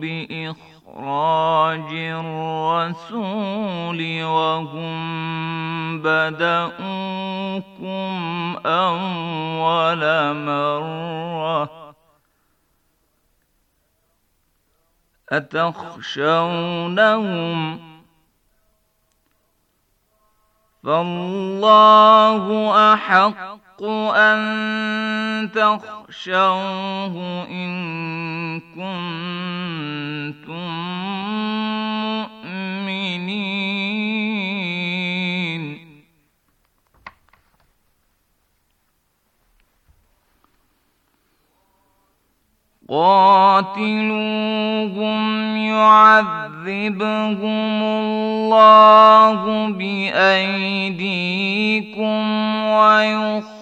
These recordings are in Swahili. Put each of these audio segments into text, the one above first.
بإخراج الرسول وهم بدأوكم أول مرة أتخشونهم فالله أحق أن تخشونهم فاحشوه إن كنتم مؤمنين قاتلوهم يعذبهم الله بأيديكم ويخرجوهم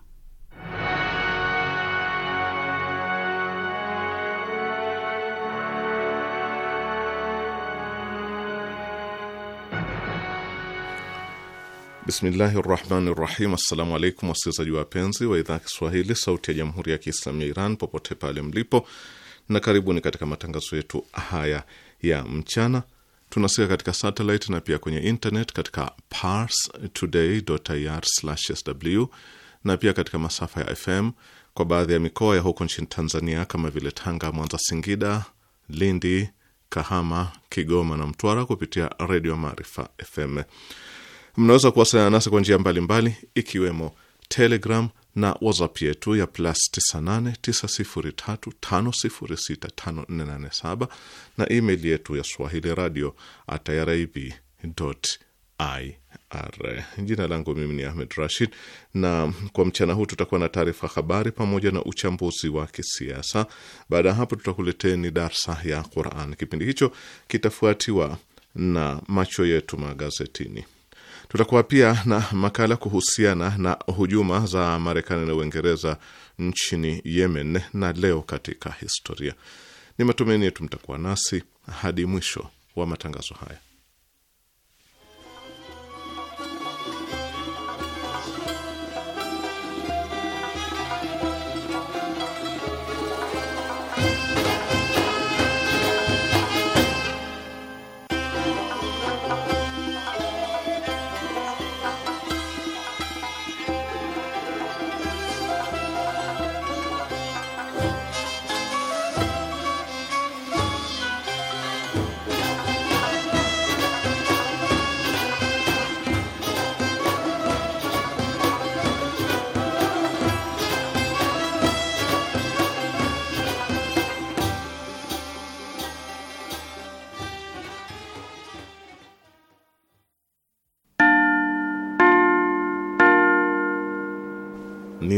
Bismillahi rahmani rahim. Assalamu alaikum wasikilizaji wapenzi wa idhaa Kiswahili sauti ya jamhuri ya Kiislamu ya Iran popote pale mlipo, na karibuni katika matangazo yetu haya ya mchana. Tunasika katika satellite na pia kwenye internet katika ir sw na pia katika masafa ya FM kwa baadhi ya mikoa ya huko nchini Tanzania kama vile Tanga, Mwanza, Singida, Lindi, Kahama, Kigoma na Mtwara kupitia redio Maarifa FM. Mnaweza kuwasiliana nasi kwa njia mbalimbali, ikiwemo Telegram na WhatsApp yetu ya plus 989035065487 na email yetu ya swahili radio at irib ir. Jina langu mimi ni Ahmed Rashid, na kwa mchana huu tutakuwa na taarifa habari pamoja na uchambuzi wa kisiasa. Baada ya hapo, tutakuleteni darsa ya Quran. Kipindi hicho kitafuatiwa na macho yetu magazetini. Tutakuwa pia na makala kuhusiana na hujuma za Marekani na Uingereza nchini Yemen na leo katika historia. Ni matumaini yetu mtakuwa nasi hadi mwisho wa matangazo haya.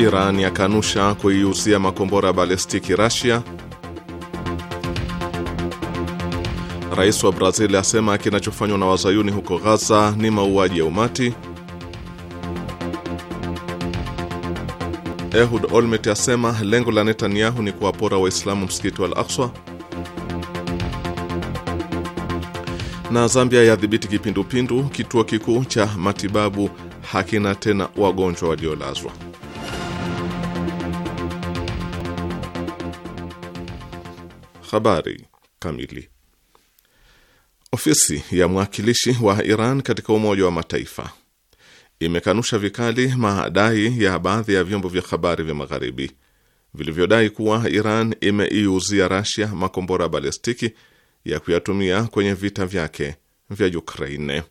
Iran yakanusha kuiuzia makombora balestiki Rasia. Rais wa Brazil asema kinachofanywa na wazayuni huko Ghaza ni mauaji ya umati. Ehud Olmert asema lengo la Netanyahu ni kuwapora Waislamu msikiti wa Al Akswa. Na Zambia yadhibiti kipindupindu, kituo kikuu cha matibabu hakina tena wagonjwa waliolazwa. Habari kamili. Ofisi ya mwakilishi wa Iran katika Umoja wa Mataifa imekanusha vikali madai ya baadhi ya vyombo vya habari vya magharibi vilivyodai kuwa Iran imeiuzia Rasia makombora balistiki ya kuyatumia kwenye vita vyake vya Ukraine.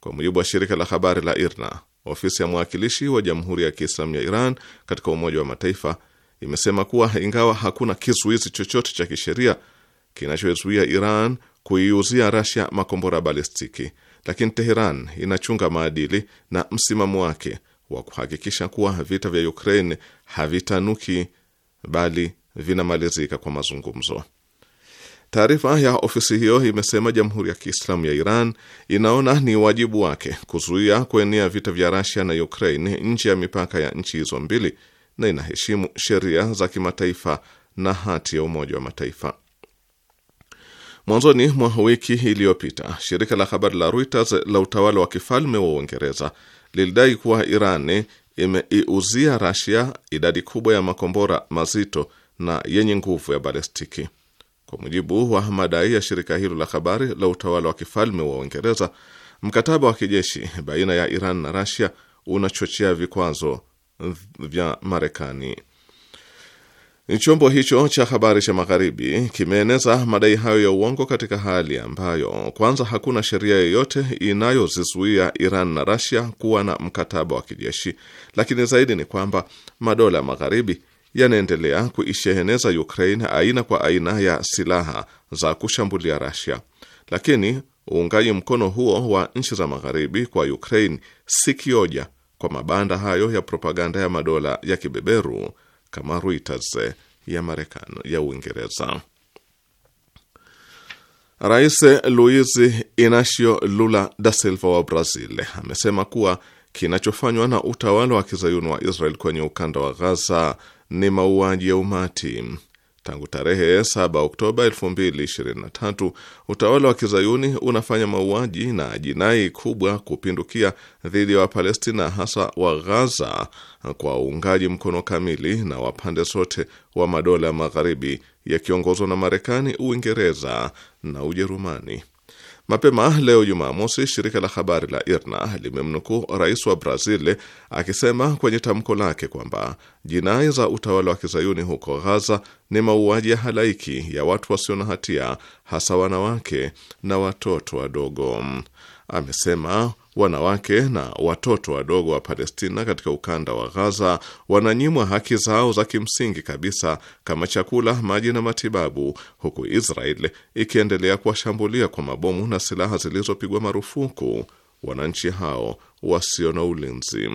Kwa mujibu wa shirika la habari la IRNA, ofisi ya mwakilishi wa Jamhuri ya Kiislamu ya Iran katika Umoja wa Mataifa imesema kuwa ingawa hakuna kizuizi chochote cha kisheria kinachozuia Iran kuiuzia Rasia makombora balistiki, lakini Teheran inachunga maadili na msimamo wake wa kuhakikisha kuwa vita vya Ukraine havitanuki bali vinamalizika kwa mazungumzo. Taarifa ya ofisi hiyo imesema Jamhuri ya Kiislamu ya Iran inaona ni wajibu wake kuzuia kuenea vita vya Rasia na Ukraine nje ya mipaka ya nchi hizo mbili na inaheshimu sheria za kimataifa na hati ya Umoja wa Mataifa. Mwanzoni mwa wiki iliyopita shirika la habari la Reuters la utawala wa kifalme wa Uingereza lilidai kuwa Iran imeiuzia Rasia idadi kubwa ya makombora mazito na yenye nguvu ya balestiki. Kwa mujibu wa madai ya shirika hilo la habari la utawala wa kifalme wa Uingereza, mkataba wa kijeshi baina ya Iran na Rasia unachochea vikwazo vya Marekani. Chombo hicho cha habari cha Magharibi kimeeneza madai hayo ya uongo katika hali ambayo kwanza hakuna sheria yoyote inayozizuia Iran na Russia kuwa na mkataba wa kijeshi, lakini zaidi ni kwamba madola Magharibi yanaendelea kuisheheneza Ukraine aina kwa aina ya silaha za kushambulia Russia. Lakini uungaji mkono huo wa nchi za Magharibi kwa Ukraine si kioja kwa mabanda hayo ya propaganda ya madola ya kibeberu kama Reuters ya Marekani ya Uingereza. Rais Luiz Inacio Lula da Silva wa Brazil amesema kuwa kinachofanywa na utawala wa kizayuni wa Israel kwenye ukanda wa Gaza ni mauaji ya umati Tangu tarehe 7 Oktoba 2023 utawala wa kizayuni unafanya mauaji na jinai kubwa kupindukia dhidi ya Wapalestina, hasa wa Ghaza, kwa uungaji mkono kamili na wa pande zote wa madola magharibi yakiongozwa na Marekani, Uingereza na Ujerumani. Mapema leo Jumamosi, shirika la habari la IRNA limemnukuu rais wa Brazil akisema kwenye tamko lake kwamba jinai za utawala wa kizayuni huko Ghaza ni mauaji ya halaiki ya watu wasio na hatia, hasa wanawake na watoto wadogo. Amesema wanawake na watoto wadogo wa Palestina katika ukanda wa Ghaza wananyimwa haki zao za kimsingi kabisa kama chakula, maji na matibabu, huku Israel ikiendelea kuwashambulia kwa mabomu na silaha zilizopigwa marufuku wananchi hao wasio na ulinzi.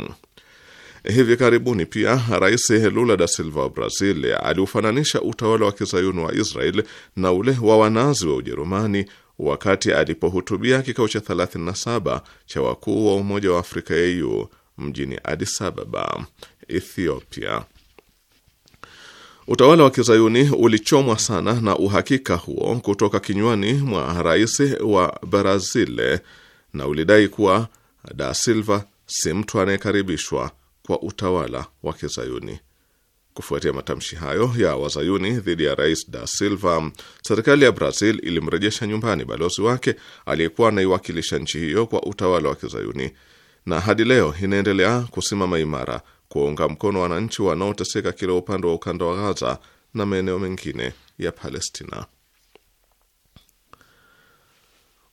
Hivi karibuni pia Rais Lula da Silva wa Brazil aliufananisha utawala wa kizayuni wa Israel na ule wa wanazi wa Ujerumani wakati alipohutubia kikao cha 37 cha wakuu wa Umoja wa Afrika AU mjini Addis Ababa, Ethiopia. Utawala wa kizayuni ulichomwa sana na uhakika huo kutoka kinywani mwa rais wa Brazil na ulidai kuwa Da Silva si mtu anayekaribishwa kwa utawala wa kizayuni. Kufuatia matamshi hayo ya wazayuni dhidi ya rais da Silva, serikali ya Brazil ilimrejesha nyumbani balozi wake aliyekuwa anaiwakilisha nchi hiyo kwa utawala wa kizayuni, na hadi leo inaendelea kusimama imara kuwaunga mkono wananchi wanaoteseka kila upande wa ukanda wa Gaza na maeneo mengine ya Palestina.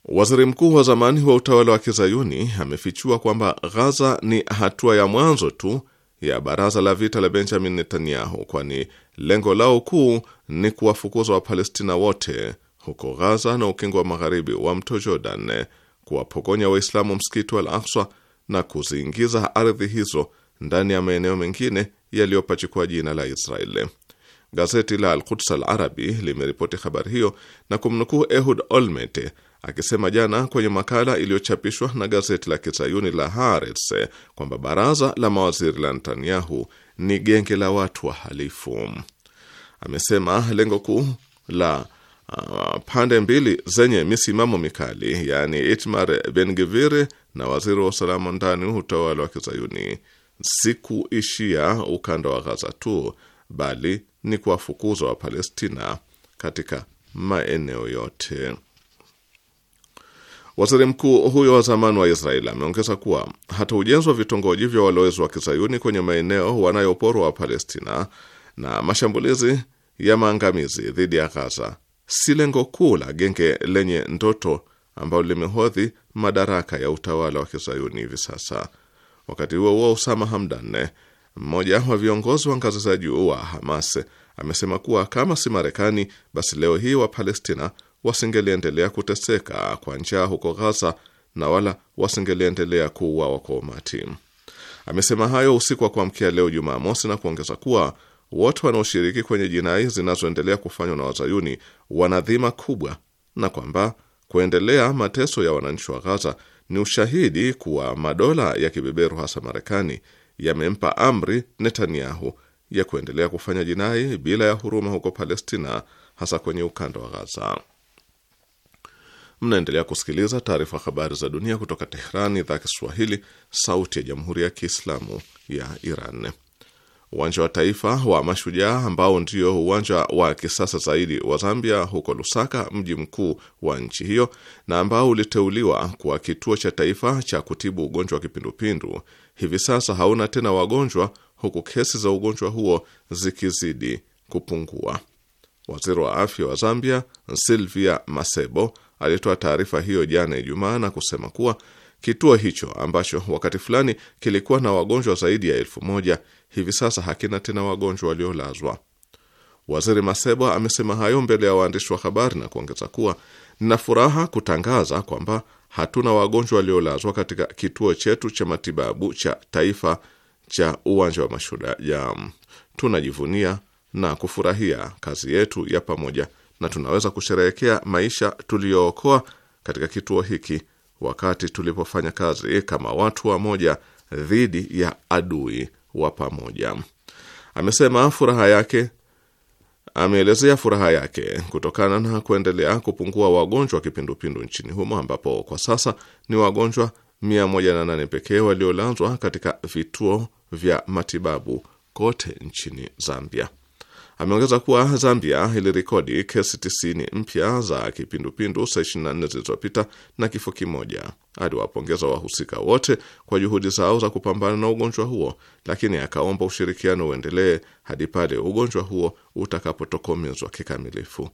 Waziri mkuu wa zamani wa utawala wa kizayuni amefichua kwamba Gaza ni hatua ya mwanzo tu ya baraza la vita la Benjamin Netanyahu, kwani lengo lao kuu ni kuwafukuza Wapalestina wote huko Ghaza na ukingo wa magharibi wa mto Jordan, kuwapokonya Waislamu msikiti wa Al-Aqsa na kuziingiza ardhi hizo ndani ya maeneo mengine yaliyopachikwa jina la Israeli. Gazeti la Al-Quds Al-Arabi limeripoti habari hiyo na kumnukuu Ehud Olmert akisema jana kwenye makala iliyochapishwa na gazeti la kizayuni la Haaretz kwamba baraza la mawaziri la Netanyahu ni genge la watu wahalifu. Amesema lengo kuu la uh, pande mbili zenye misimamo mikali, yaani Itmar Ben-Gvir na waziri wa usalama ndani utawala wa kizayuni si kuishia ukanda wa Gaza tu, bali ni kuwafukuza Wapalestina katika maeneo yote. Waziri mkuu huyo wa zamani wa Israeli ameongeza kuwa hata ujenzi wa vitongoji vya walowezi wa kizayuni kwenye maeneo wanayoporwa wa Palestina na mashambulizi ya maangamizi dhidi ya Ghaza si lengo kuu la genge lenye ndoto ambalo limehodhi madaraka ya utawala wa kizayuni hivi sasa. Wakati huo huo, Usama Hamdan, mmoja wa viongozi wa ngazi za juu wa Hamas, amesema kuwa kama si Marekani, basi leo hii Wapalestina wasingeliendelea kuteseka kwa njaa huko Ghaza na wala wasingeliendelea kuuawa kwa umati. Amesema hayo usiku wa kuamkia leo Jumamosi na kuongeza kuwa wote wanaoshiriki kwenye jinai zinazoendelea kufanywa na wazayuni wana dhima kubwa na kwamba kuendelea mateso ya wananchi wa Ghaza ni ushahidi kuwa madola ya kibeberu hasa Marekani yamempa amri Netanyahu ya kuendelea kufanya jinai bila ya huruma huko Palestina, hasa kwenye ukanda wa Ghaza. Mnaendelea kusikiliza taarifa habari za dunia kutoka Tehran, idhaa ya Kiswahili, sauti ya jamhuri ya kiislamu ya Iran. Uwanja wa taifa wa Mashujaa, ambao ndio uwanja wa kisasa zaidi wa Zambia, huko Lusaka, mji mkuu wa nchi hiyo, na ambao uliteuliwa kuwa kituo cha taifa cha kutibu ugonjwa wa kipindupindu, hivi sasa hauna tena wagonjwa, huku kesi za ugonjwa huo zikizidi kupungua. Waziri wa afya wa Zambia, Silvia Masebo, alitoa taarifa hiyo jana Ijumaa na kusema kuwa kituo hicho ambacho wakati fulani kilikuwa na wagonjwa zaidi ya elfu moja hivi sasa hakina tena wagonjwa waliolazwa. Waziri masebwa amesema hayo mbele ya waandishi wa habari na kuongeza kuwa nina furaha kutangaza kwamba hatuna wagonjwa waliolazwa katika kituo chetu cha matibabu cha taifa cha uwanja wa Mashujaa. Tunajivunia na kufurahia kazi yetu ya pamoja na tunaweza kusherehekea maisha tuliyookoa katika kituo hiki wakati tulipofanya kazi kama watu wamoja dhidi ya adui wa pamoja. Amesema furaha yake ameelezea furaha yake kutokana na kuendelea kupungua wagonjwa kipindupindu nchini humo ambapo kwa sasa ni wagonjwa 108 pekee waliolazwa katika vituo vya matibabu kote nchini Zambia. Ameongeza kuwa Zambia ilirekodi kesi 90 mpya za kipindupindu saa 24 zilizopita na kifo kimoja. Aliwapongeza wahusika wote kwa juhudi zao za kupambana na ugonjwa huo, lakini akaomba ushirikiano uendelee hadi pale ugonjwa huo utakapotokomezwa kikamilifu.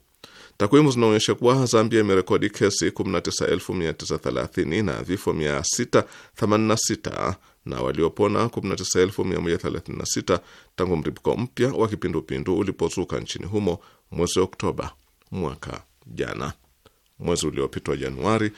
Takwimu zinaonyesha kuwa Zambia imerekodi kesi 19930 na vifo 686 na waliopona 19136 tangu mripuko mpya wa kipindupindu ulipozuka nchini humo mwezi Oktoba mwaka jana. Mwezi uliopitwa Januari,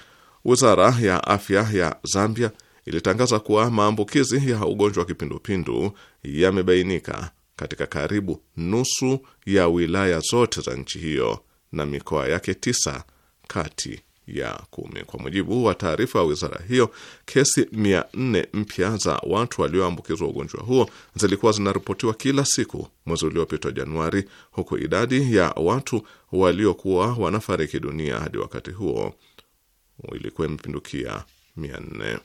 wizara ya afya ya Zambia ilitangaza kuwa maambukizi ya ugonjwa wa kipindupindu yamebainika katika karibu nusu ya wilaya zote za nchi hiyo na mikoa yake tisa kati ya kumi. Kwa mujibu wa taarifa ya wizara hiyo, kesi mia nne mpya za watu walioambukizwa ugonjwa huo zilikuwa zinaripotiwa kila siku mwezi uliopita Januari, huku idadi ya watu waliokuwa wanafariki dunia hadi wakati huo ilikuwa imepindukia mia nne.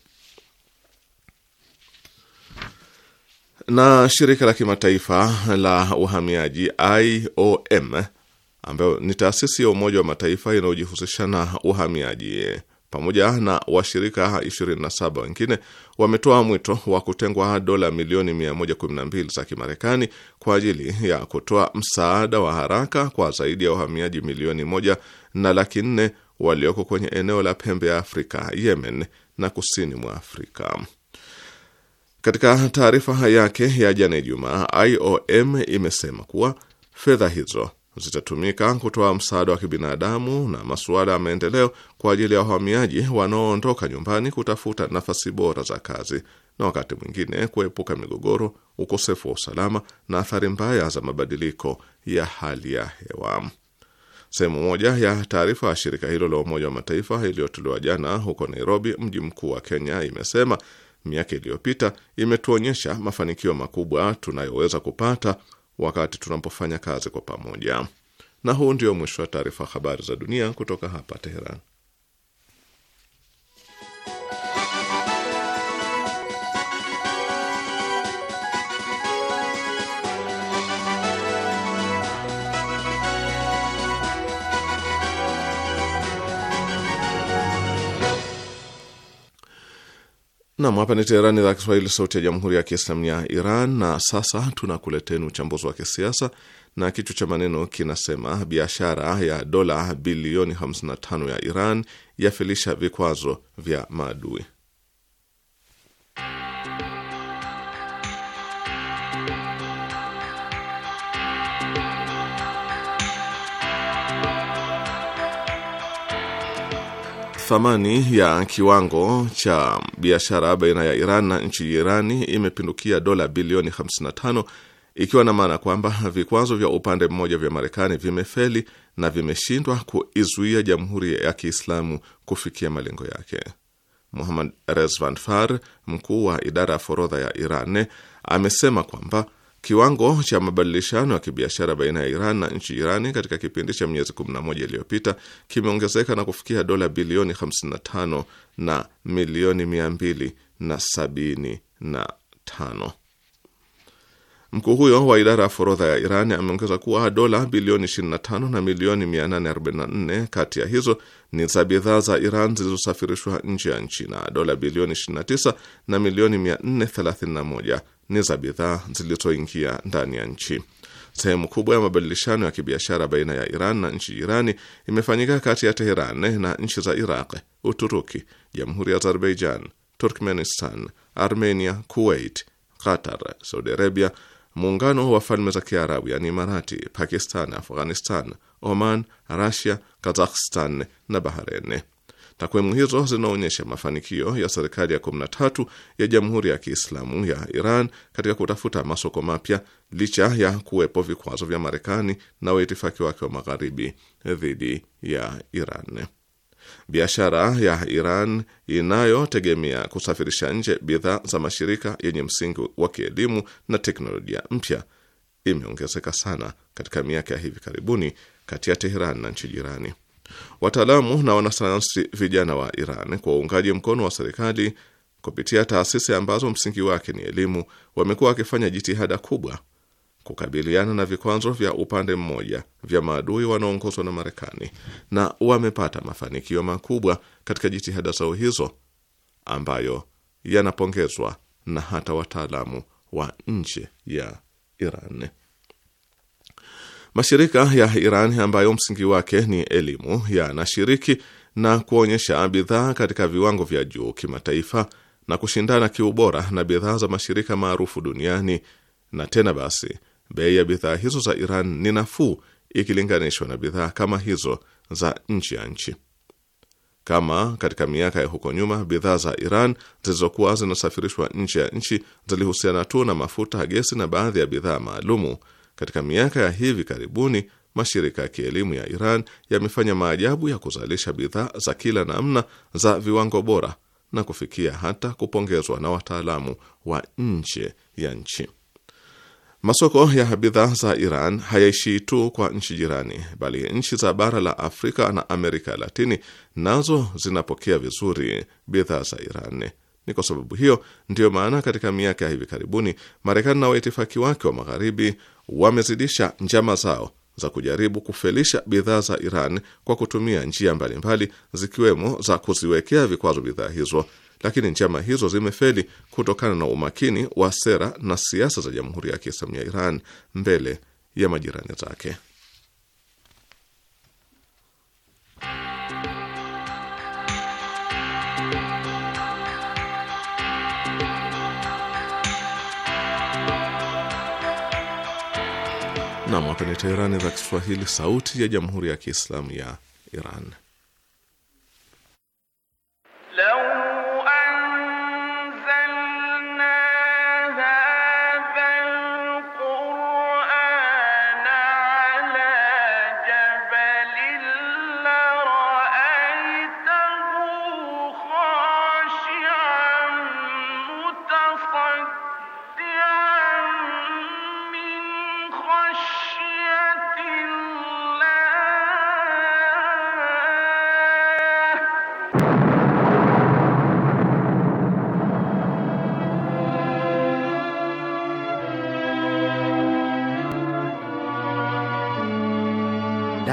Na shirika la kimataifa la uhamiaji IOM ambayo ni taasisi ya Umoja wa Mataifa inayojihusisha na uhamiaji pamoja na washirika 27 wengine wametoa mwito wa kutengwa dola milioni 112 za Kimarekani kwa ajili ya kutoa msaada wa haraka kwa zaidi ya wahamiaji milioni moja na laki nne walioko kwenye eneo la pembe ya Afrika, Yemen na kusini mwa Afrika. Katika taarifa yake ya jana Ijumaa, IOM imesema kuwa fedha hizo zitatumika kutoa msaada wa kibinadamu na masuala ya maendeleo kwa ajili ya wahamiaji wanaoondoka nyumbani kutafuta nafasi bora za kazi na wakati mwingine kuepuka migogoro, ukosefu wa usalama na athari mbaya za mabadiliko ya hali ya hewa. Sehemu moja ya taarifa ya shirika hilo la Umoja wa Mataifa iliyotolewa jana huko Nairobi, mji mkuu wa Kenya, imesema miaka iliyopita imetuonyesha mafanikio makubwa tunayoweza kupata wakati tunapofanya kazi kwa pamoja. Na huu ndio mwisho wa taarifa habari za dunia kutoka hapa Teheran. Nam, hapa ni Teherani, idhaa ya Kiswahili, sauti ya jamhuri ya kiislamu ya Iran. Na sasa tunakuleteni uchambuzi wa kisiasa na kichwa cha maneno kinasema: biashara ya dola bilioni 55 ya Iran yafilisha vikwazo vya maadui. thamani ya kiwango cha biashara baina ya Iran na nchi jirani imepindukia dola bilioni 55 ikiwa na maana kwamba vikwazo vya upande mmoja vya Marekani vimefeli na vimeshindwa kuizuia Jamhuri ya Kiislamu kufikia malengo yake. Muhammad Rezvan Far, mkuu wa idara ya forodha ya Iran, amesema kwamba Kiwango cha mabadilishano ya kibiashara baina ya Iran na nchi jirani katika kipindi cha miezi 11 iliyopita kimeongezeka na kufikia dola bilioni 55 na milioni 275. Mkuu huyo wa idara ya forodha ya Iran ameongeza kuwa dola bilioni 25 na milioni 844 kati ya hizo ni za bidhaa za Iran zilizosafirishwa nje ya nchi na dola bilioni 29 na milioni 431 ni za bidhaa zilizoingia ndani ya nchi. Sehemu kubwa ya mabadilishano ya kibiashara baina ya Iran na nchi jirani imefanyika kati ya Teheran na nchi za Iraq, Uturuki, Jamhuri ya Azerbaijan, Turkmenistan, Armenia, Kuwait, Qatar, Saudi Arabia, Muungano wa Falme za Kiarabu yani Imarati, Pakistan, Afghanistan, Oman, rusia Kazakhstan na Bahrain. Takwimu hizo zinaonyesha mafanikio ya serikali ya 13 ya Jamhuri ya Kiislamu ya Iran katika kutafuta masoko mapya licha ya kuwepo vikwazo vya Marekani na waitifaki wake wa Magharibi dhidi ya Iran. Biashara ya Iran inayotegemea kusafirisha nje bidhaa za mashirika yenye msingi wa kielimu na teknolojia mpya imeongezeka sana katika miaka ya hivi karibuni kati ya Teheran na nchi jirani. Wataalamu na wanasayansi vijana wa Iran kwa uungaji mkono wa serikali kupitia taasisi ambazo msingi wake ni elimu, wamekuwa wakifanya jitihada kubwa kukabiliana na vikwazo vya upande mmoja vya maadui wanaoongozwa na Marekani, na wamepata mafanikio makubwa katika jitihada zao hizo ambayo yanapongezwa na hata wataalamu wa nje ya Iran. Mashirika ya Iran ambayo msingi wake ni elimu yanashiriki na kuonyesha bidhaa katika viwango vya juu kimataifa na kushindana kiubora na bidhaa za mashirika maarufu duniani, na tena basi bei ya bidhaa hizo za Iran ni nafuu ikilinganishwa na bidhaa kama hizo za nchi ya nchi. Kama katika miaka ya huko nyuma, bidhaa za Iran zilizokuwa zinasafirishwa nje ya nchi zilihusiana tu na mafuta, gesi na baadhi ya bidhaa maalumu katika miaka ya hivi karibuni mashirika ya kielimu ya Iran yamefanya maajabu ya kuzalisha bidhaa za kila namna za viwango bora na kufikia hata kupongezwa na wataalamu wa nje ya nchi. Masoko ya bidhaa za Iran hayaishii tu kwa nchi jirani, bali nchi za bara la Afrika na Amerika Latini nazo zinapokea vizuri bidhaa za Iran. Ni kwa sababu hiyo ndiyo maana katika miaka ya hivi karibuni Marekani na waitifaki wake wa Magharibi wamezidisha njama zao za kujaribu kufelisha bidhaa za Iran kwa kutumia njia mbalimbali zikiwemo za kuziwekea vikwazo bidhaa hizo, lakini njama hizo zimefeli kutokana na umakini wa sera na siasa za Jamhuri ya Kiislamu ya Iran mbele ya majirani zake. Nam, hapa ni Teherani za Kiswahili, sauti ya jamhuri ya kiislamu ya Iran.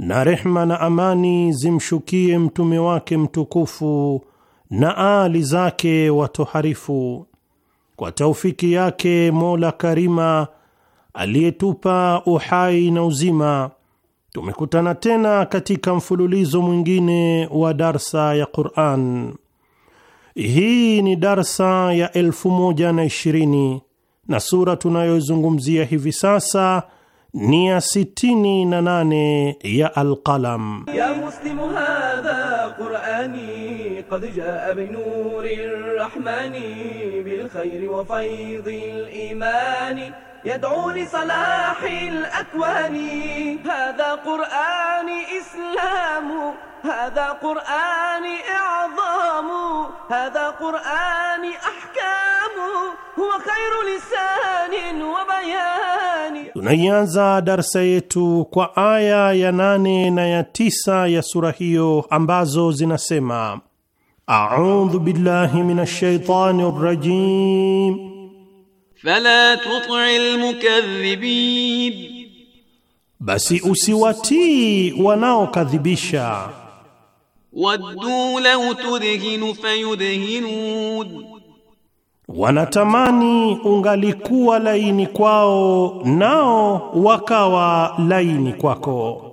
na rehma na amani zimshukie mtume wake mtukufu na aali zake watoharifu. Kwa taufiki yake Mola Karima aliyetupa uhai na uzima, tumekutana tena katika mfululizo mwingine wa darsa ya Qur'an. Hii ni darsa ya elfu moja na ishirini na sura tunayozungumzia hivi sasa ni ya sitini na nane ya Alqalam. Ya muslimu hadha qurani qad jaa bi nuri rrahmani bil khairi wa faydhi al imani يدعو لصلاح الأكوان هذا قرآن إسلام هذا قرآن إعظام هذا قرآن أحكام هو خير لسان وبيان. Tunaianza darsa yetu kwa aya ya nane na ya tisa ya sura hiyo ambazo zinasema: audhu billahi minash shaitani rrajim Fala tuti almukadhibin, basi usiwatii wanaokadhibisha. Waddu law tudhinu fayudhinun, wanatamani ungalikuwa laini kwao nao wakawa laini kwako.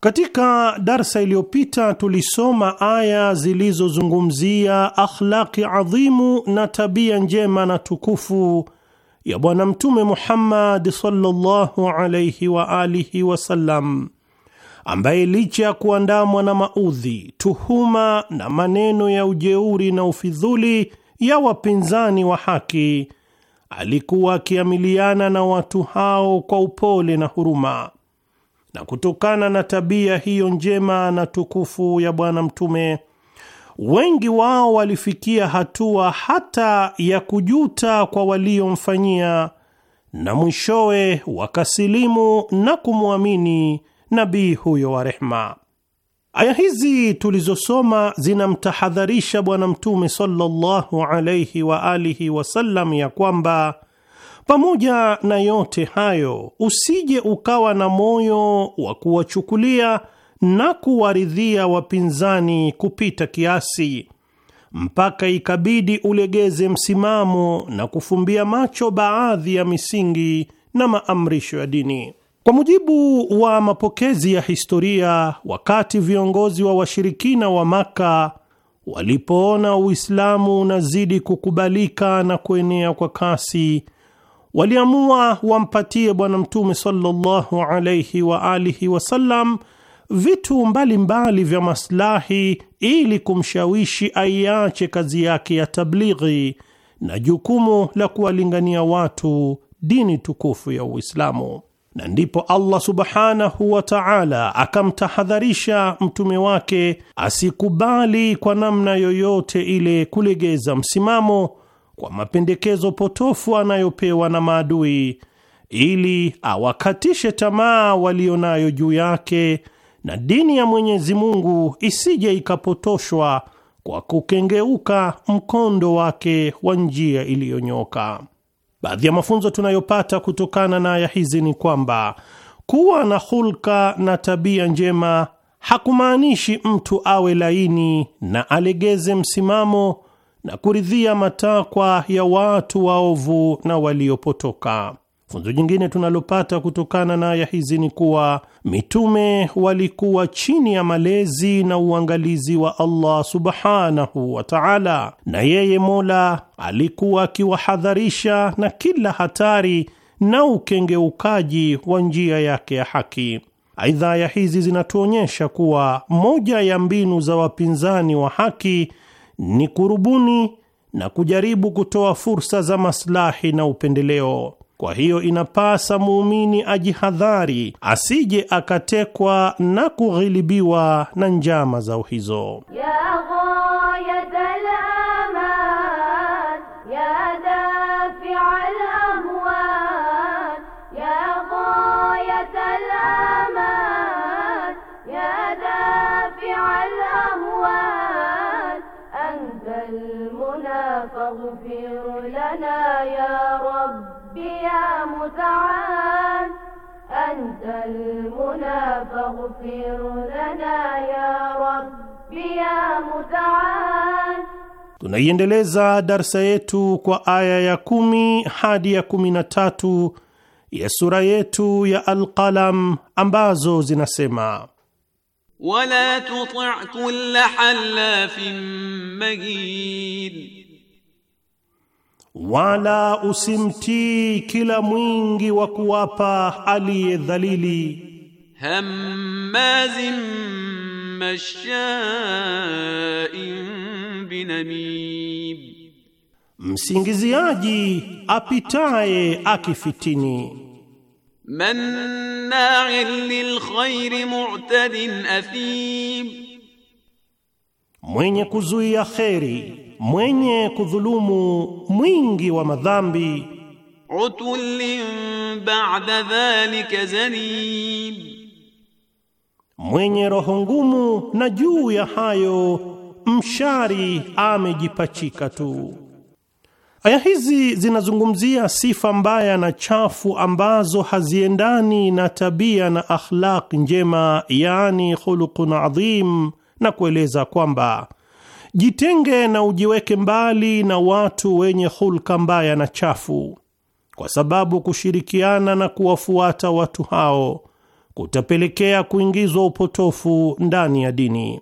Katika darsa iliyopita tulisoma aya zilizozungumzia akhlaqi adhimu na tabia njema na tukufu ya Bwana Mtume Muhammad sallallahu alayhi wa alihi wasallam, ambaye licha ya kuandamwa na maudhi, tuhuma na maneno ya ujeuri na ufidhuli ya wapinzani wa haki, alikuwa akiamiliana na watu hao kwa upole na huruma. Na kutokana na tabia hiyo njema na tukufu ya Bwana Mtume wengi wao walifikia hatua hata ya kujuta kwa waliomfanyia na mwishowe wakasilimu na kumwamini nabii huyo wa rehma. Aya hizi tulizosoma zinamtahadharisha Bwana Mtume sallallahu alaihi wa alihi wasallam ya kwamba pamoja na yote hayo, usije ukawa na moyo wa kuwachukulia na kuwaridhia wapinzani kupita kiasi mpaka ikabidi ulegeze msimamo na kufumbia macho baadhi ya misingi na maamrisho ya dini. Kwa mujibu wa mapokezi ya historia, wakati viongozi wa washirikina wa Maka walipoona Uislamu unazidi kukubalika na kuenea kwa kasi, waliamua wampatie Bwana Mtume sallallahu alaihi wa alihi wasallam vitu mbalimbali mbali vya maslahi ili kumshawishi aiache kazi yake ya tablighi na jukumu la kuwalingania watu dini tukufu ya Uislamu. Na ndipo Allah subhanahu wa ta'ala akamtahadharisha mtume wake asikubali kwa namna yoyote ile kulegeza msimamo kwa mapendekezo potofu anayopewa na maadui, ili awakatishe tamaa walionayo juu yake na dini ya Mwenyezi Mungu isije ikapotoshwa kwa kukengeuka mkondo wake wa njia iliyonyoka. Baadhi ya mafunzo tunayopata kutokana na aya hizi ni kwamba kuwa na hulka na tabia njema hakumaanishi mtu awe laini na alegeze msimamo na kuridhia matakwa ya watu waovu na waliopotoka. Funzo jingine tunalopata kutokana na aya hizi ni kuwa mitume walikuwa chini ya malezi na uangalizi wa Allah subhanahu wa ta'ala, na yeye Mola alikuwa akiwahadharisha na kila hatari na ukengeukaji wa njia yake ya haki. Aidha, aya hizi zinatuonyesha kuwa moja ya mbinu za wapinzani wa haki ni kurubuni na kujaribu kutoa fursa za maslahi na upendeleo. Kwa hiyo inapasa muumini ajihadhari asije akatekwa na kughilibiwa na njama zao hizo ya Tunaiendeleza darsa yetu kwa aya ya kumi hadi ya kumi na tatu ya sura yetu ya Alqalam ambazo zinasema wala tuti' kulla mahin, wala usimtii kila mwingi wa kuwapa aliye dhalili hamazim masha'in binamim, msingiziaji apitaye akifitini. Manna'in lilkhairi mu'tadin athim, mwenye kuzuia kheri, mwenye kudhulumu, mwingi wa madhambi. Utullin ba'da dhalika zanim mwenye roho ngumu, na juu ya hayo mshari amejipachika tu. Aya hizi zinazungumzia sifa mbaya na chafu ambazo haziendani na tabia na akhlaq njema, yani khuluqun adhim, na kueleza kwamba jitenge na ujiweke mbali na watu wenye hulka mbaya na chafu, kwa sababu kushirikiana na kuwafuata watu hao kutapelekea kuingizwa upotofu ndani ya dini.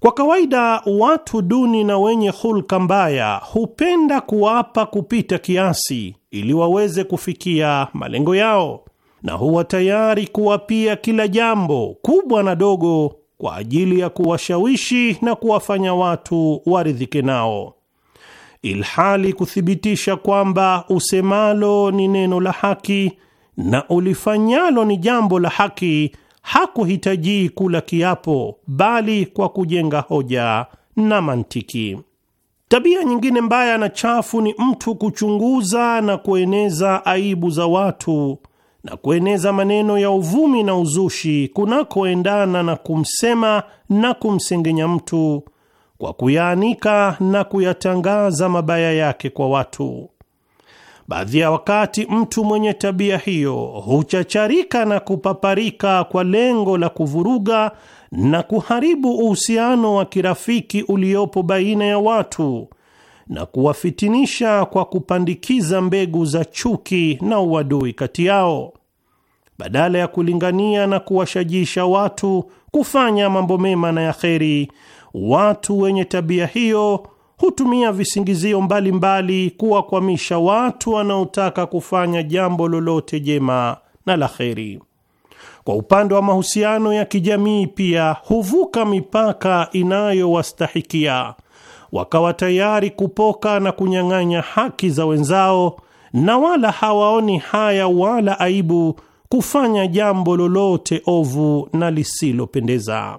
Kwa kawaida watu duni na wenye hulka mbaya hupenda kuwapa kupita kiasi ili waweze kufikia malengo yao, na huwa tayari kuwapia kila jambo kubwa na dogo kwa ajili ya kuwashawishi na kuwafanya watu waridhike nao, ilhali kuthibitisha kwamba usemalo ni neno la haki na ulifanyalo ni jambo la haki, hakuhitaji kula kiapo, bali kwa kujenga hoja na mantiki. Tabia nyingine mbaya na chafu ni mtu kuchunguza na kueneza aibu za watu na kueneza maneno ya uvumi na uzushi kunakoendana na kumsema na kumsengenya mtu kwa kuyaanika na kuyatangaza mabaya yake kwa watu. Baadhi ya wakati mtu mwenye tabia hiyo huchacharika na kupaparika kwa lengo la kuvuruga na kuharibu uhusiano wa kirafiki uliopo baina ya watu na kuwafitinisha kwa kupandikiza mbegu za chuki na uadui kati yao, badala ya kulingania na kuwashajisha watu kufanya mambo mema na ya kheri. Watu wenye tabia hiyo hutumia visingizio mbalimbali kuwakwamisha watu wanaotaka kufanya jambo lolote jema na la kheri. Kwa upande wa mahusiano ya kijamii pia huvuka mipaka inayowastahikia, wakawa tayari kupoka na kunyang'anya haki za wenzao, na wala hawaoni haya wala aibu kufanya jambo lolote ovu na lisilopendeza.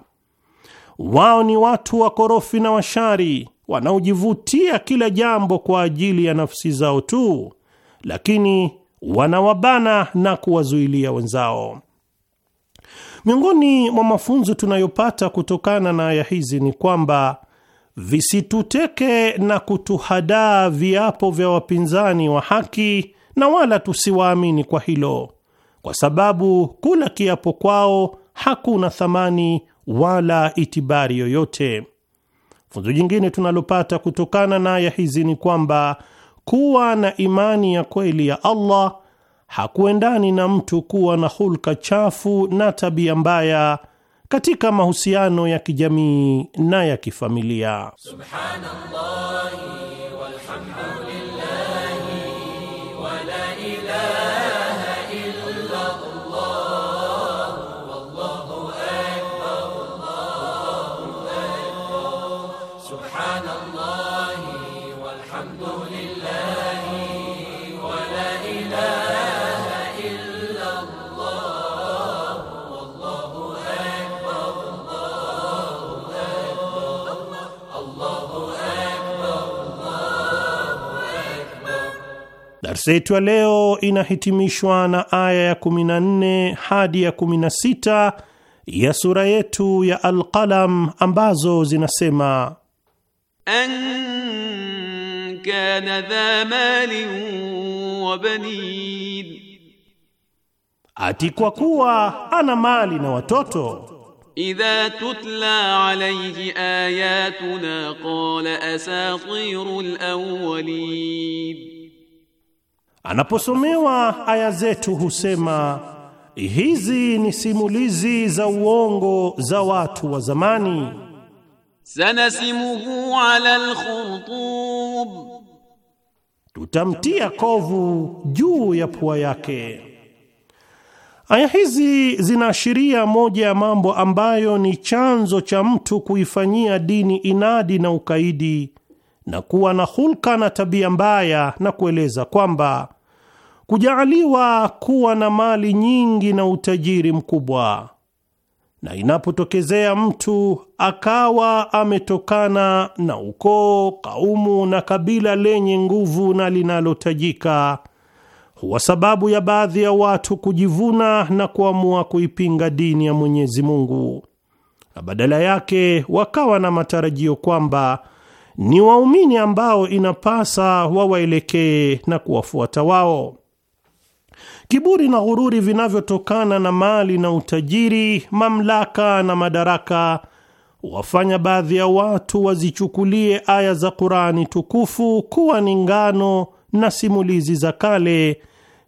Wao ni watu wakorofi na washari wanaojivutia kila jambo kwa ajili ya nafsi zao tu, lakini wanawabana na kuwazuilia wenzao. Miongoni mwa mafunzo tunayopata kutokana na aya hizi ni kwamba visituteke na kutuhadaa viapo vya wapinzani wa haki, na wala tusiwaamini kwa hilo, kwa sababu kula kiapo kwao hakuna thamani wala itibari yoyote. Funzo jingine tunalopata kutokana na aya hizi ni kwamba kuwa na imani ya kweli ya Allah hakuendani na mtu kuwa na hulka chafu na tabia mbaya katika mahusiano ya kijamii na ya kifamilia. Subhanallah. Darsa yetu ya leo inahitimishwa na aya ya 14 hadi ya 16 ya sura yetu ya Alqalam ambazo zinasema an kana dha mali wa banin, ati kwa kuwa ana mali na watoto Idha tutla alayhi ayatuna qala asatirul awwalin Anaposomewa aya zetu husema hizi ni simulizi za uongo za watu wa zamani. Sanasimuhu ala alkhutub, tutamtia kovu juu ya pua yake. Aya hizi zinaashiria moja ya mambo ambayo ni chanzo cha mtu kuifanyia dini inadi na ukaidi na kuwa na hulka na tabia mbaya, na kueleza kwamba kujaaliwa kuwa na mali nyingi na utajiri mkubwa na inapotokezea mtu akawa ametokana na ukoo, kaumu na kabila lenye nguvu na linalotajika, huwa sababu ya baadhi ya watu kujivuna na kuamua kuipinga dini ya Mwenyezi Mungu, na badala yake wakawa na matarajio kwamba ni waumini ambao inapasa wawaelekee na kuwafuata wao. Kiburi na ghururi vinavyotokana na mali na utajiri, mamlaka na madaraka wafanya baadhi ya watu wazichukulie aya za Kurani tukufu kuwa ni ngano na simulizi za kale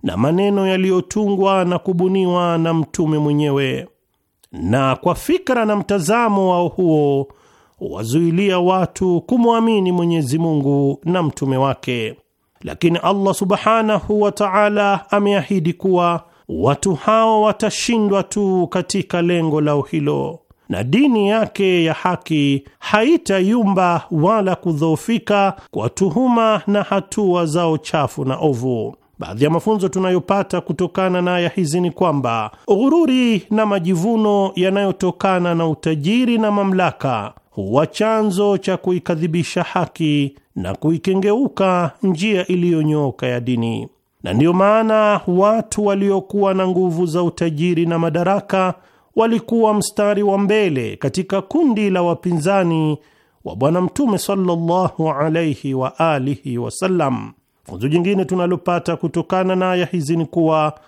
na maneno yaliyotungwa na kubuniwa na mtume mwenyewe, na kwa fikra na mtazamo wao huo huwazuilia watu kumwamini Mwenyezi Mungu na mtume wake. Lakini Allah subhanahu wa ta'ala ameahidi kuwa watu hao watashindwa tu katika lengo lao hilo, na dini yake ya haki haitayumba wala kudhoofika kwa tuhuma na hatua zao chafu na ovu. Baadhi ya mafunzo tunayopata kutokana na aya hizi ni kwamba ghururi na majivuno yanayotokana na utajiri na mamlaka huwa chanzo cha kuikadhibisha haki na kuikengeuka njia iliyonyooka ya dini, na ndiyo maana watu waliokuwa na nguvu za utajiri na madaraka walikuwa mstari wa mbele katika kundi la wapinzani wa Bwana Mtume sallallahu alaihi wa alihi wasallam. Funzo jingine tunalopata kutokana na aya hizi ni kuwa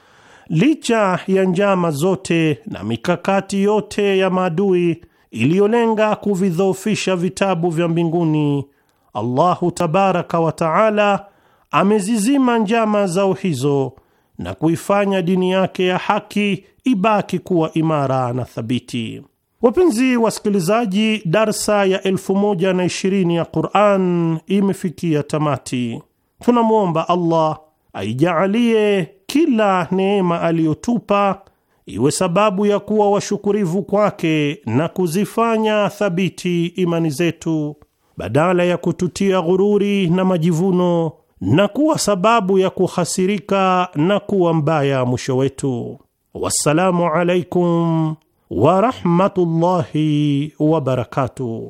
licha ya njama zote na mikakati yote ya maadui iliyolenga kuvidhoofisha vitabu vya mbinguni, Allahu tabaraka wa taala amezizima njama zao hizo na kuifanya dini yake ya haki ibaki kuwa imara na thabiti. Wapenzi wasikilizaji, darsa ya 1020 ya Quran imefikia tamati. Tunamwomba Allah aijaalie kila neema aliyotupa iwe sababu ya kuwa washukurivu kwake na kuzifanya thabiti imani zetu badala ya kututia ghururi na majivuno na kuwa sababu ya kuhasirika na kuwa mbaya mwisho wetu. Wassalamu alaikum wa rahmatullahi wa barakatuh.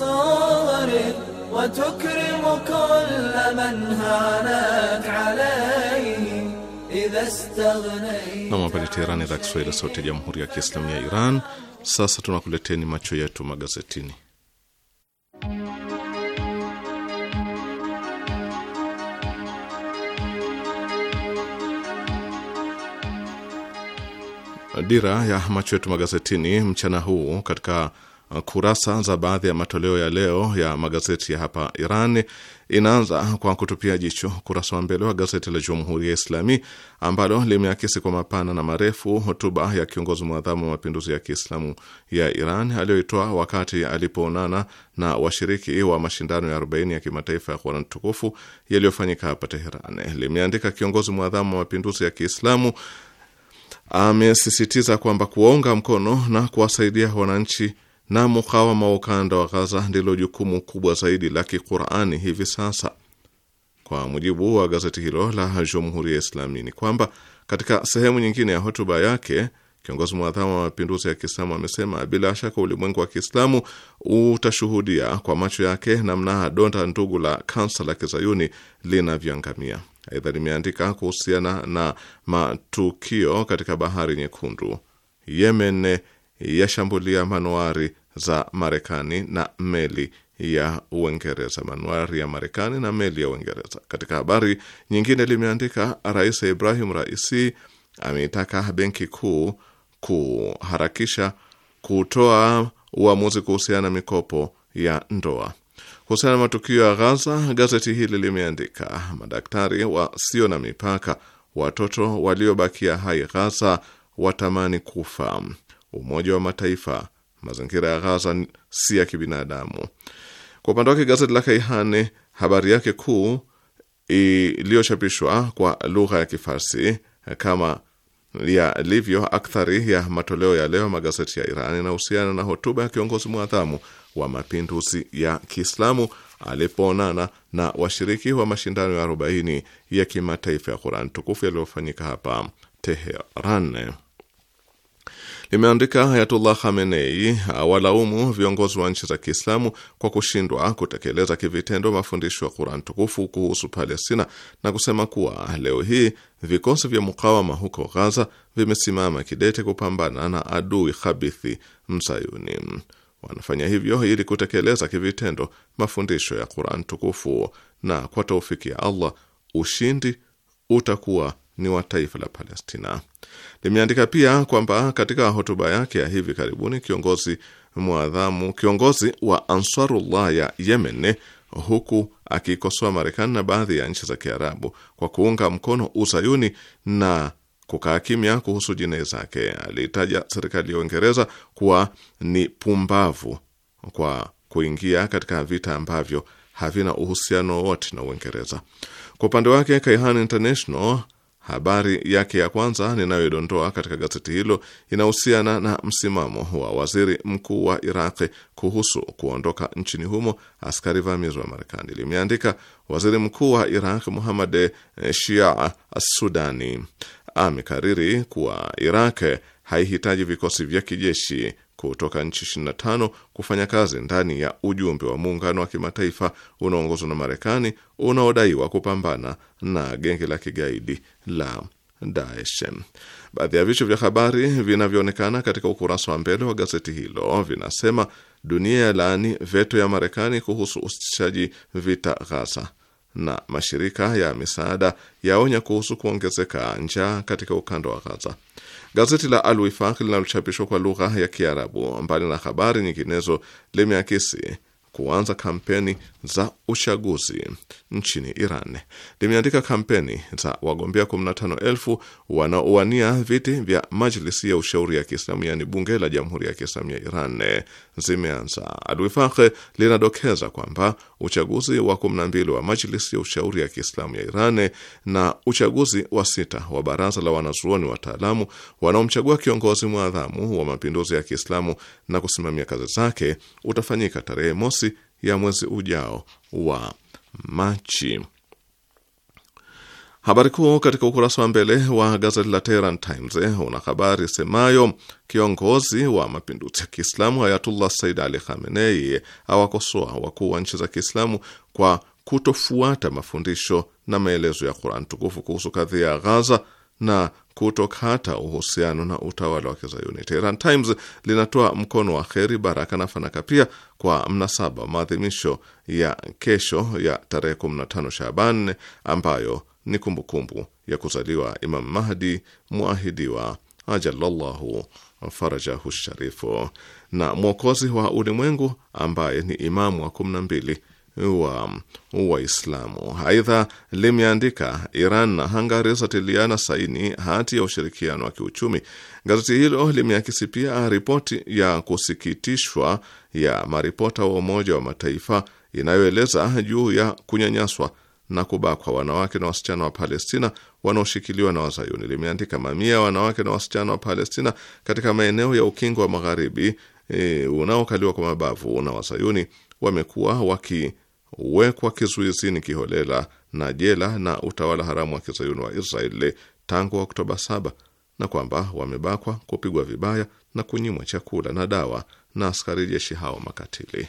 صغر وتكرم كل من هانت عليه idha استغنيت Nam, hapa ni Teherani, صوت Kiswahili, sauti ya jamhuri ya kiislamu Iran. Sasa tunakuleteni macho yetu magazetini. Dira ya macho yetu magazetini mchana huu katika Uh, kurasa za baadhi ya matoleo ya leo ya magazeti ya hapa Iran. Inaanza kwa kutupia jicho kurasa wa mbele wa gazeti la Jumhuri ya Islami ambalo limeakisi kwa mapana na marefu hotuba ya kiongozi mwadhamu wa mapinduzi ya Kiislamu ya Iran aliyoitoa wakati alipoonana na washiriki wa mashindano ya 40 ya kimataifa ya Qur'an tukufu yaliyofanyika hapa Teheran. Limeandika, kiongozi mwadhamu wa mapinduzi ya Kiislamu amesisitiza kwamba kuwaunga mkono na kuwasaidia wananchi na mukawama wa ukanda wa Ghaza ndilo jukumu kubwa zaidi la Kiqurani hivi sasa. Kwa mujibu wa gazeti hilo la Jamhuri ya Islami ni kwamba katika sehemu nyingine ya hotuba yake kiongozi mwadhamu wa mapinduzi ya Kiislamu amesema bila shaka ulimwengu wa Kiislamu utashuhudia kwa macho yake namna donda ndugu la kansa la kizayuni linavyoangamia. Aidha limeandika kuhusiana na matukio katika bahari nyekundu, Yemen yashambulia manowari za Marekani na meli ya Uingereza, manuari ya Marekani na meli ya Uingereza. Katika habari nyingine, limeandika Rais Ibrahim Raisi ameitaka benki kuu kuharakisha kutoa uamuzi kuhusiana na mikopo ya ndoa. Kuhusiana na matukio ya Gaza, gazeti hili limeandika madaktari wasio na mipaka, watoto waliobakia hai Gaza watamani kufa. Umoja wa Mataifa Mazingira ya Ghaza si ya kibinadamu. Kwa upande wake, gazeti la Kaihan habari yake kuu iliyochapishwa kwa lugha ya Kifarsi kama yalivyo akthari ya matoleo ya leo magazeti ya Iran inahusiana na hotuba ya kiongozi mwadhamu wa mapinduzi ya Kiislamu alipoonana na washiriki wa mashindano ya 40 ya kimataifa ya Quran tukufu yaliyofanyika hapa Teheran imeandika Hayatullah Khamenei awalaumu viongozi wa nchi za Kiislamu kwa kushindwa kutekeleza kivitendo mafundisho ya Quran tukufu kuhusu Palestina na kusema kuwa leo hii vikosi vya mukawama huko Ghaza vimesimama kidete kupambana na adui khabithi msayuni. Wanafanya hivyo ili kutekeleza kivitendo mafundisho ya Quran tukufu, na kwa taufiki ya Allah ushindi utakuwa ni wa taifa la Palestina. Limeandika pia kwamba katika hotuba yake ya hivi karibuni, kiongozi mwadhamu, kiongozi wa Ansarullah ya Yemen, huku akiikosoa Marekani na baadhi ya nchi za Kiarabu kwa kuunga mkono uzayuni na kukaa kimya kuhusu jinai zake, aliitaja serikali ya Uingereza kuwa ni pumbavu kwa kuingia katika vita ambavyo havina uhusiano wowote na Uingereza. Kwa upande wake Kaihan International Habari yake ya kwanza ninayodondoa katika gazeti hilo inahusiana na msimamo wa waziri mkuu wa Iraqi kuhusu kuondoka nchini humo askari vamizi wa Marekani. Limeandika, waziri mkuu wa Iraq Muhammad eh, Shia Sudani amekariri kuwa Iraq haihitaji vikosi vya kijeshi kutoka nchi 25 kufanya kazi ndani ya ujumbe wa muungano wa kimataifa unaoongozwa na Marekani unaodaiwa kupambana na genge la kigaidi la Daesh. Baadhi ya vichwa vya habari vinavyoonekana katika ukurasa wa mbele wa gazeti hilo vinasema: dunia ya laani veto ya Marekani kuhusu usitishaji vita Ghaza, na mashirika ya misaada yaonya kuhusu kuongezeka njaa katika ukanda wa Ghaza. Gazeti la Al Wifaq linalochapishwa kwa lugha ya Kiarabu, mbali na habari nyinginezo, limeakisi kuanza kampeni za uchaguzi nchini Iran. Limeandika kampeni za wagombea 15,000 wanaowania viti vya majlisi ya ushauri ya Kiislamu, yaani bunge la jamhuri ya Kiislamu ya Iran zimeanza. Alwifaq linadokeza kwamba uchaguzi wa 12 wa majlisi ya ushauri ya Kiislamu ya Iran na uchaguzi wa sita wa baraza la wanazuoni wataalamu wanaomchagua kiongozi mwadhamu wa mapinduzi ya Kiislamu na kusimamia kazi zake utafanyika tarehe mosi ya mwezi ujao wa Machi. Habari kuu katika ukurasa wa mbele wa gazeti la Tehran Times eh, una habari semayo kiongozi wa mapinduzi ya Kiislamu Ayatullah Said Ali Khamenei awakosoa wakuu wa nchi za Kiislamu kwa kutofuata mafundisho na maelezo ya Quran tukufu kuhusu kadhia ya Ghaza na kutokata uhusiano na utawala wa kizayuni. Tehran Times linatoa mkono wa kheri, baraka na fanaka pia kwa mnasaba maadhimisho ya kesho ya tarehe 15 Shaban ambayo ni kumbukumbu kumbu ya kuzaliwa Imam Mahdi muahidiwa ajalallahu farajahu sharifu na mwokozi wa ulimwengu ambaye ni imamu wa 12 wa Waislamu. Aidha limeandika Iran na Hungary zatiliana saini hati ya ushirikiano wa kiuchumi. Gazeti hilo limeakisi pia ripoti ya kusikitishwa ya maripota wa Umoja wa Mataifa inayoeleza juu ya kunyanyaswa na kubakwa wanawake na wasichana wa Palestina wanaoshikiliwa na Wazayuni. Limeandika mamia ya wanawake na wasichana wa Palestina katika maeneo ya ukingo wa magharibi e, unaokaliwa kwa mabavu na Wazayuni wamekuwa waki wekwa kizuizini kiholela na jela na utawala haramu wa kizayuni wa Israeli tangu Oktoba 7 na kwamba wamebakwa, kupigwa vibaya na kunyimwa chakula na dawa na askari jeshi hao makatili.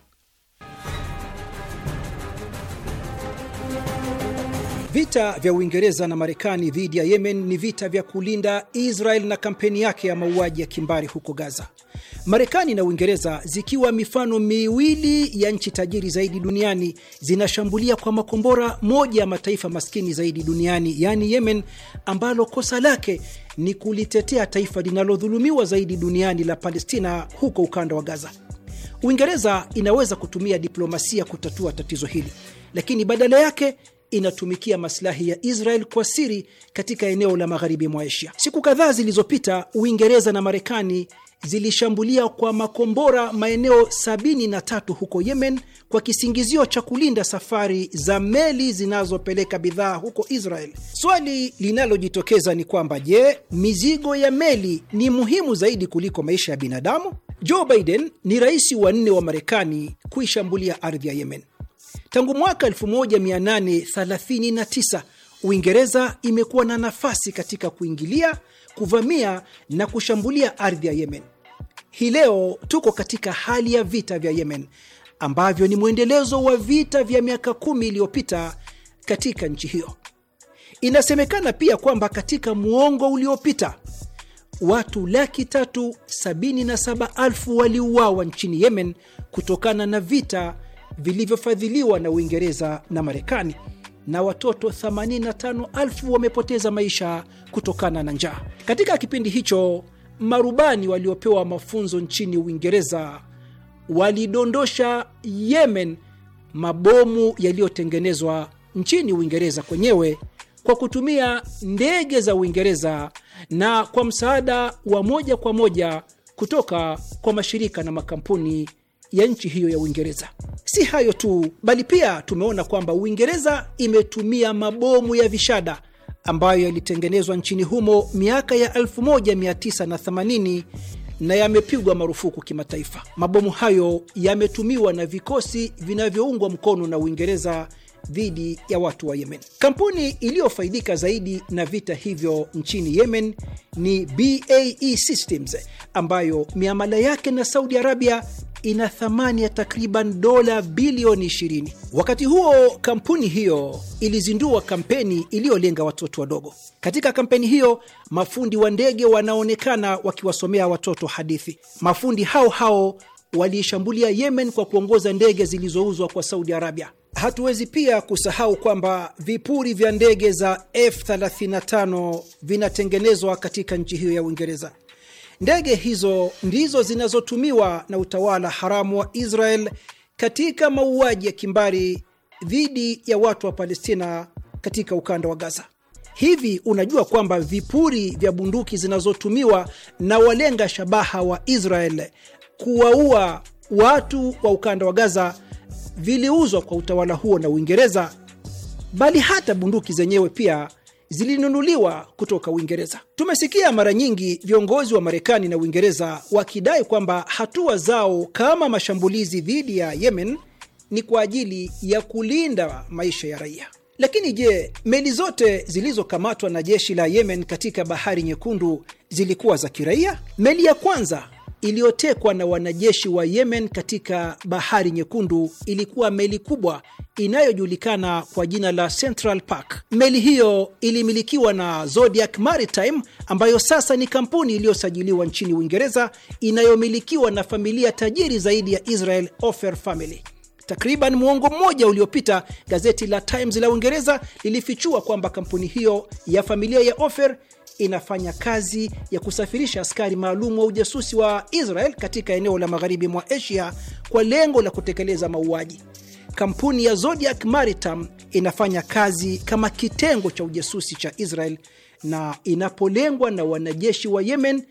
Vita vya Uingereza na Marekani dhidi ya Yemen ni vita vya kulinda Israel na kampeni yake ya mauaji ya kimbari huko Gaza. Marekani na Uingereza zikiwa mifano miwili ya nchi tajiri zaidi duniani zinashambulia kwa makombora moja ya mataifa maskini zaidi duniani, yaani Yemen, ambalo kosa lake ni kulitetea taifa linalodhulumiwa zaidi duniani la Palestina huko ukanda wa Gaza. Uingereza inaweza kutumia diplomasia kutatua tatizo hili, lakini badala yake inatumikia maslahi ya Israel kwa siri katika eneo la magharibi mwa Asia. Siku kadhaa zilizopita, Uingereza na Marekani zilishambulia kwa makombora maeneo 73 huko Yemen kwa kisingizio cha kulinda safari za meli zinazopeleka bidhaa huko Israel. Swali linalojitokeza ni kwamba je, mizigo ya meli ni muhimu zaidi kuliko maisha ya binadamu? Joe Biden ni rais wa nne wa Marekani kuishambulia ardhi ya Yemen. Tangu mwaka 1839 Uingereza imekuwa na nafasi katika kuingilia, kuvamia na kushambulia ardhi ya Yemen. Hii leo tuko katika hali ya vita vya Yemen ambavyo ni mwendelezo wa vita vya miaka kumi iliyopita katika nchi hiyo. Inasemekana pia kwamba katika muongo uliopita watu laki tatu sabini na saba waliuawa nchini Yemen kutokana na vita vilivyofadhiliwa na Uingereza na Marekani na watoto 85,000 wamepoteza maisha kutokana na njaa. Katika kipindi hicho, marubani waliopewa mafunzo nchini Uingereza walidondosha Yemen mabomu yaliyotengenezwa nchini Uingereza kwenyewe kwa kutumia ndege za Uingereza na kwa msaada wa moja kwa moja kutoka kwa mashirika na makampuni ya nchi hiyo ya Uingereza. Si hayo tu, bali pia tumeona kwamba Uingereza imetumia mabomu ya vishada ambayo yalitengenezwa nchini humo miaka ya 1980 na yamepigwa marufuku kimataifa. Mabomu hayo yametumiwa na vikosi vinavyoungwa mkono na Uingereza dhidi ya watu wa Yemen. Kampuni iliyofaidika zaidi na vita hivyo nchini Yemen ni BAE Systems ambayo miamala yake na Saudi Arabia ina thamani ya takriban dola bilioni 20. Wakati huo kampuni hiyo ilizindua kampeni iliyolenga watoto wadogo. Katika kampeni hiyo, mafundi wa ndege wanaonekana wakiwasomea watoto hadithi. Mafundi hao hao waliishambulia Yemen kwa kuongoza ndege zilizouzwa kwa Saudi Arabia. Hatuwezi pia kusahau kwamba vipuri vya ndege za F35 vinatengenezwa katika nchi hiyo ya Uingereza. Ndege hizo ndizo zinazotumiwa na utawala haramu wa Israel katika mauaji ya kimbari dhidi ya watu wa Palestina katika ukanda wa Gaza. Hivi unajua kwamba vipuri vya bunduki zinazotumiwa na walenga shabaha wa Israel kuwaua watu wa ukanda wa Gaza viliuzwa kwa utawala huo na Uingereza, bali hata bunduki zenyewe pia zilinunuliwa kutoka Uingereza. Tumesikia mara nyingi viongozi wa Marekani na Uingereza wakidai kwamba hatua zao kama mashambulizi dhidi ya Yemen ni kwa ajili ya kulinda maisha ya raia. Lakini je, meli zote zilizokamatwa na jeshi la Yemen katika Bahari Nyekundu zilikuwa za kiraia? Meli ya kwanza iliyotekwa na wanajeshi wa Yemen katika Bahari Nyekundu ilikuwa meli kubwa inayojulikana kwa jina la Central Park. Meli hiyo ilimilikiwa na Zodiac Maritime ambayo sasa ni kampuni iliyosajiliwa nchini Uingereza inayomilikiwa na familia tajiri zaidi ya Israel, Ofer family. Takriban muongo mmoja uliopita gazeti la Times la Uingereza lilifichua kwamba kampuni hiyo ya familia ya Ofer inafanya kazi ya kusafirisha askari maalum wa ujasusi wa Israel katika eneo la magharibi mwa Asia kwa lengo la kutekeleza mauaji. Kampuni ya Zodiac Maritime inafanya kazi kama kitengo cha ujasusi cha Israel, na inapolengwa na wanajeshi wa Yemen,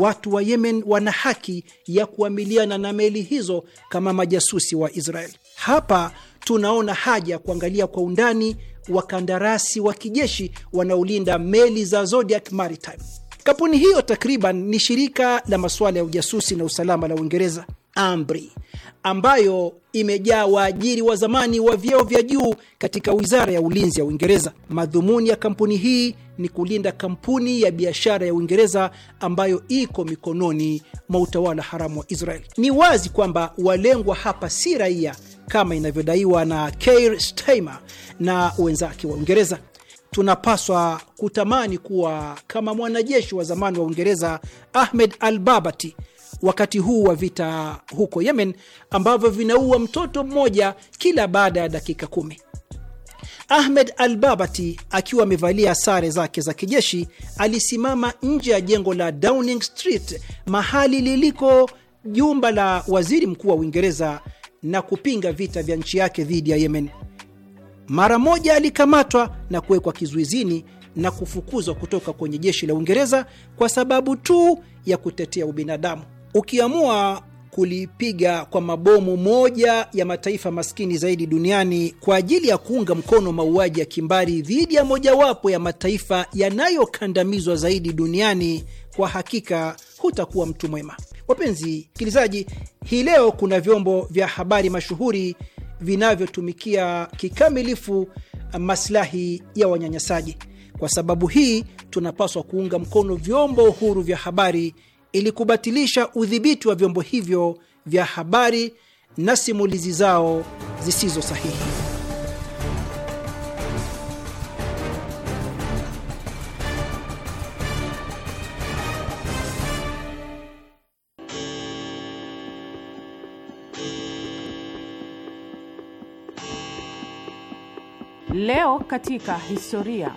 watu wa Yemen wana haki ya kuamiliana na meli hizo kama majasusi wa Israel. Hapa tunaona haja ya kuangalia kwa undani wakandarasi wa kijeshi wanaolinda meli za Zodiac Maritime. Kampuni hiyo takriban ni shirika la masuala ya ujasusi na usalama la Uingereza, AMBRI, ambayo imejaa waajiri wa zamani wa vyeo vya juu katika wizara ya ulinzi ya Uingereza. Madhumuni ya kampuni hii ni kulinda kampuni ya biashara ya Uingereza ambayo iko mikononi mwa utawala haramu wa Israel. Ni wazi kwamba walengwa hapa si raia kama inavyodaiwa na Keir Starmer na wenzake wa Uingereza. Tunapaswa kutamani kuwa kama mwanajeshi wa zamani wa Uingereza Ahmed Al-Babati wakati huu wa vita huko Yemen ambavyo vinaua mtoto mmoja kila baada ya dakika kumi. Ahmed Al-Babati akiwa amevalia sare zake za kijeshi alisimama nje ya jengo la Downing Street, mahali liliko jumba la waziri mkuu wa Uingereza na kupinga vita vya nchi yake dhidi ya Yemen. Mara moja alikamatwa na kuwekwa kizuizini na kufukuzwa kutoka kwenye jeshi la Uingereza kwa sababu tu ya kutetea ubinadamu. Ukiamua kulipiga kwa mabomu moja ya mataifa maskini zaidi duniani kwa ajili ya kuunga mkono mauaji ya kimbari dhidi ya mojawapo ya mataifa yanayokandamizwa zaidi duniani, kwa hakika hutakuwa mtu mwema. Wapenzi sikilizaji, hii leo kuna vyombo vya habari mashuhuri vinavyotumikia kikamilifu maslahi ya wanyanyasaji. Kwa sababu hii, tunapaswa kuunga mkono vyombo huru vya habari ili kubatilisha udhibiti wa vyombo hivyo vya habari na simulizi zao zisizo sahihi. Leo katika historia.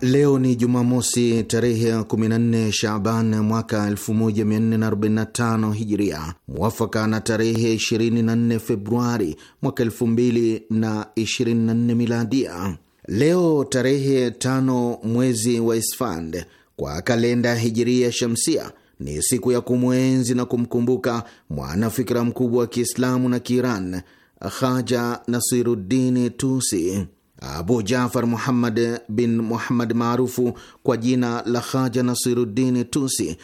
Leo ni Jumamosi, tarehe ya 14 Shaban mwaka 1445 Hijria, mwafaka na tarehe 24 Februari mwaka 2024 Miladia. Leo tarehe tano mwezi wa Isfand kwa kalenda Hijiria Shamsia ni siku ya kumwenzi na kumkumbuka mwanafikira mkubwa wa Kiislamu na Kiiran Khaja Nasiruddini Tusi. Abu Jafar Muhammad bin Muhammad maarufu kwa jina la Khaja nasirudini Tusi,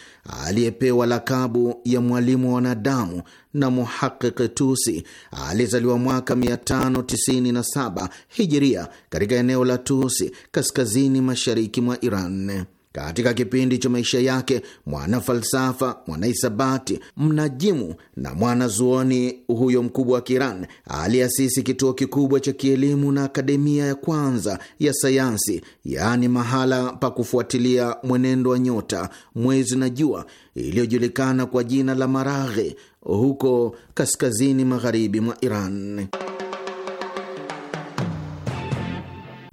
aliyepewa lakabu ya mwalimu wa wanadamu na Muhaqiq Tusi, aliyezaliwa mwaka 597 Hijiria katika eneo la Tusi, kaskazini mashariki mwa Iran. Katika kipindi cha maisha yake, mwana falsafa, mwanahisabati, mnajimu na mwana zuoni huyo mkubwa wa Kiiran aliasisi kituo kikubwa cha kielimu na akademia ya kwanza ya sayansi, yaani mahala pa kufuatilia mwenendo wa nyota, mwezi na jua, iliyojulikana kwa jina la Maraghe huko kaskazini magharibi mwa Iran.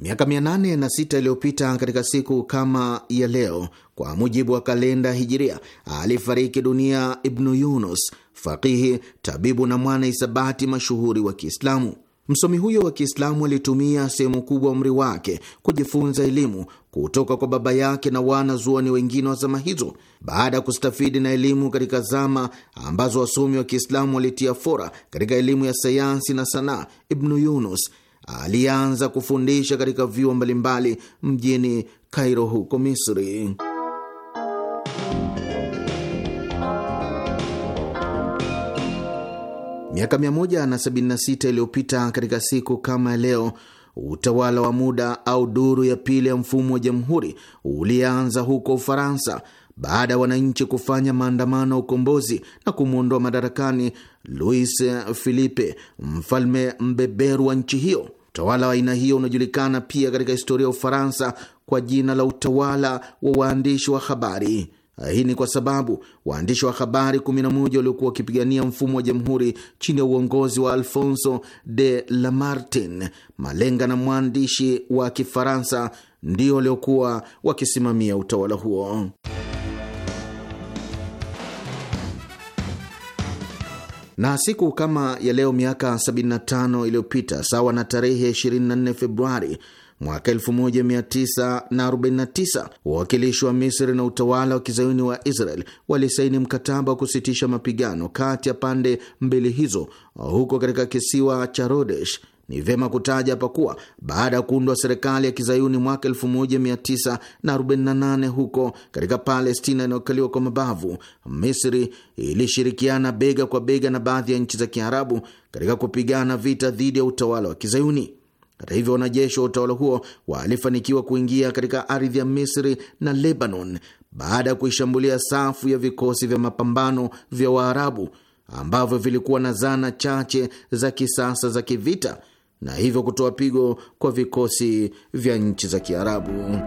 miaka 806 iliyopita katika siku kama ya leo, kwa mujibu wa kalenda Hijiria, alifariki dunia Ibnu Yunus, faqihi, tabibu na mwana isabati mashuhuri wa Kiislamu. Msomi huyo wa Kiislamu alitumia sehemu kubwa umri wake kujifunza elimu kutoka kwa baba yake na wana zuoni wengine wa zama hizo. Baada ya kustafidi na elimu katika zama ambazo wasomi wa Kiislamu walitia fora katika elimu ya sayansi na sanaa, Ibnu Yunus alianza kufundisha katika vyuo mbalimbali mjini Kairo huko Misri. Miaka 176 iliyopita katika siku kama ya leo, utawala wa muda au duru ya pili ya mfumo wa jamhuri ulianza huko Ufaransa baada ya wananchi kufanya maandamano ya ukombozi na kumwondoa madarakani Luis philipe mfalme mbeberu wa nchi hiyo. Utawala wa aina hiyo unajulikana pia katika historia ya Ufaransa kwa jina la utawala wa waandishi wa habari. Hii ni kwa sababu waandishi wa habari 11 waliokuwa wakipigania mfumo wa jamhuri chini ya uongozi wa Alfonso de Lamartine, malenga na mwandishi wa Kifaransa, ndio waliokuwa wakisimamia utawala huo. Na siku kama ya leo miaka 75 iliyopita, sawa na tarehe 24 Februari mwaka 1949 wawakilishi wa Misri na utawala wa kizayuni wa Israel walisaini mkataba wa kusitisha mapigano kati ya pande mbili hizo huko katika kisiwa cha Rhodesh ni vyema kutaja hapa kuwa baada ya kuundwa serikali ya kizayuni mwaka 1948 huko katika Palestina inayokaliwa kwa mabavu, Misri ilishirikiana bega kwa bega na baadhi ya nchi za Kiarabu katika kupigana vita dhidi ya utawala wa kizayuni. Hata hivyo, wanajeshi wa utawala huo walifanikiwa kuingia katika ardhi ya Misri na Lebanon baada ya kuishambulia safu ya vikosi vya mapambano vya Waarabu ambavyo vilikuwa na zana chache za kisasa za kivita na hivyo kutoa pigo kwa vikosi vya nchi za Kiarabu.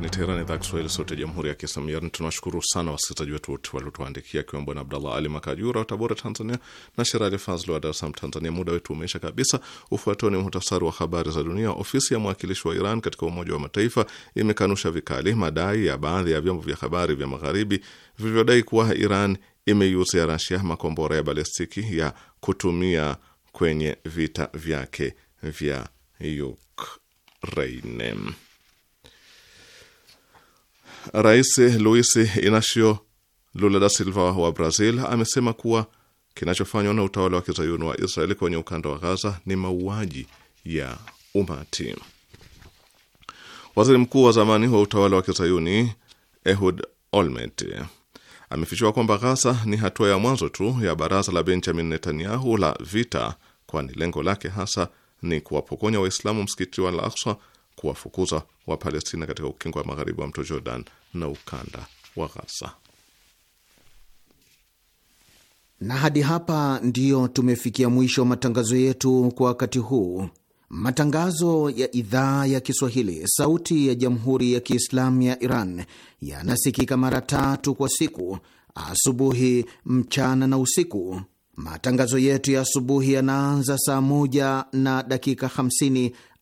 ni Teherani, idhaa Kiswahili sote jamhuri ya Kiislamu Iran. Tunawashukuru sana wasikilizaji wetu wote waliotuandikia, akiwemo Bwana Abdallah Ali Makajura wa Tabora, Tanzania, na Sherali Fazl wa Dar es Salaam, Tanzania. Muda wetu umeisha kabisa. Ufuatao ni muhtasari wa habari za dunia. Ofisi ya mwakilishi wa Iran katika Umoja wa Mataifa imekanusha vikali madai ya baadhi ya vyombo vya habari vya Magharibi vilivyodai kuwa Iran imeiuzia Rasia makombora ya balistiki ya kutumia kwenye vita vyake vya Ukraine. Rais Luis Inacio Lula da Silva wa Brazil amesema kuwa kinachofanywa na utawala wa kizayuni wa Israeli kwenye ukanda wa Gaza ni mauaji ya umati. Waziri mkuu wa zamani wa utawala wa kizayuni Ehud Olmert amefichua kwamba Gaza ni hatua ya mwanzo tu ya baraza la Benjamin Netanyahu la vita, kwani lengo lake hasa ni kuwapokonya Waislamu msikiti wa Al-Aqsa kuwafukuza Wapalestina katika ukingo wa magharibi wa mto Jordan na ukanda wa Ghaza. Na hadi hapa ndiyo tumefikia mwisho wa matangazo yetu kwa wakati huu. Matangazo ya idhaa ya Kiswahili, sauti ya jamhuri ya kiislamu ya Iran yanasikika mara tatu kwa siku: asubuhi, mchana na usiku. Matangazo yetu ya asubuhi yanaanza saa moja na dakika 50